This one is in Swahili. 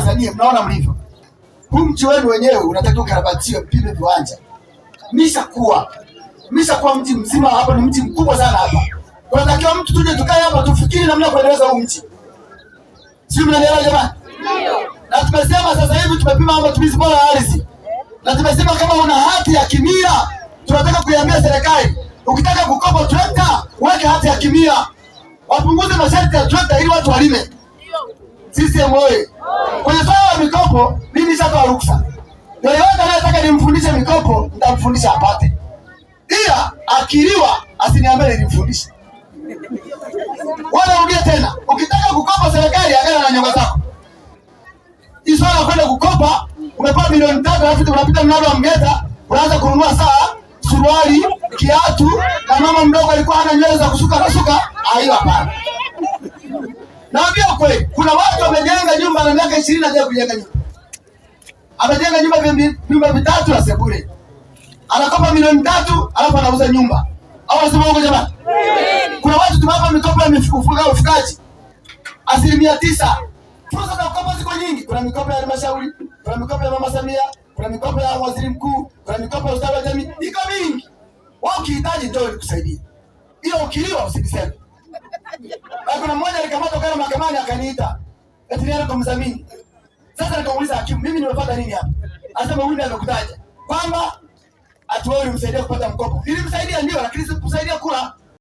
kwanza, Je, mnaona mlivyo? Huu mji wenu wenyewe unatakiwa ukarabatiwe, mpime viwanja. Mishakuwa Mishakuwa mji mzima hapa, ni mji mkubwa sana hapa. Unatakiwa mtu tuje tukae hapa tufikiri namna kuendeleza huu mji. Sio, mnaelewa jamani? Na tumesema sasa hivi tumepima hapa tumizi bora ardhi. Na tumesema kama una hati ya kimila, tunataka kuiambia serikali, ukitaka kukopa trekta, weke hati ya kimila. Wapunguze masharti ya trekta ili watu walime. CCM oye! Kwenye swala la mikopo mimi sasa ruksa. Yeyote anayetaka nimfundishe mikopo nitamfundisha apate, ila akiliwa asiniambie nilimfundisha. Wala rudia tena, ukitaka kukopa serikali agana na nyonga zako. Hii swala kwenda kukopa, umepewa milioni tatu alafu unapita mnalo wa Mgeta unaanza kununua saa, suruali, kiatu na mama mdogo alikuwa hana nywele za kusuka nasuka, aiwa pana Naambia ukweli, kuna watu wamejenga nyumba na miaka 20 hajaja kujenga nyumba. Amejenga nyumba nyumba vitatu na sebule, anakopa milioni tatu alafu anauza nyumba au nasema uongo jamani? Kuna watu tumewapa mikopo ya mifuka ufukaji asilimia tisa. Fursa za mikopo ziko nyingi, kuna mikopo ya halmashauri, kuna mikopo ya mama Samia, kuna mikopo ya waziri mkuu, kuna mikopo ya ustawi wa jamii, iko mingi. Wao ukihitaji, njoo nikusaidie, ila ukiliwa usiniseme. Ah, kuna mmoja alikamatwa kwa mahakamani akaniita. Eti nenda kwa mzamini. Sasa nikamuuliza hakimu, mimi nimepata nini hapa? Anasema huyu ndiye amekutaja. Kwamba atuwe ulimsaidia kupata mkopo. ilimsaidia ndio, lakini sikusaidia kula.